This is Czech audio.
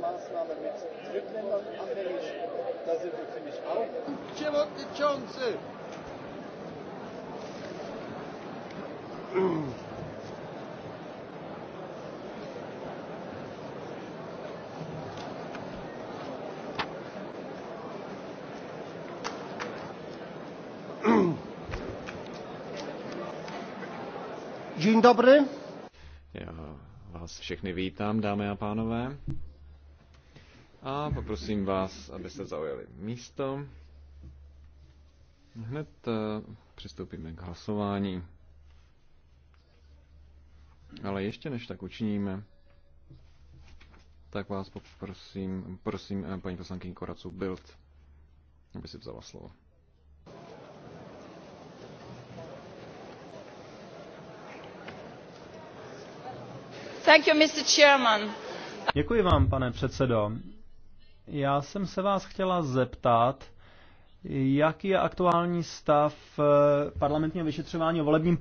Maßnahme mit Drittländern abhängig. Da sind wir, finde ich, auch. Dzień dobry. Já vás všechny vítám, dámy a pánové. A poprosím vás, abyste zaujali místo. Hned eh, přistoupíme k hlasování. Ale ještě než tak učiníme, tak vás poprosím, prosím eh, paní poslankyni Koracu Bild, aby si vzala slovo. Thank you, Mr. Chairman. Děkuji vám, pane předsedo. Já jsem se vás chtěla zeptat, jaký je aktuální stav eh, parlamentního vyšetřování o volebním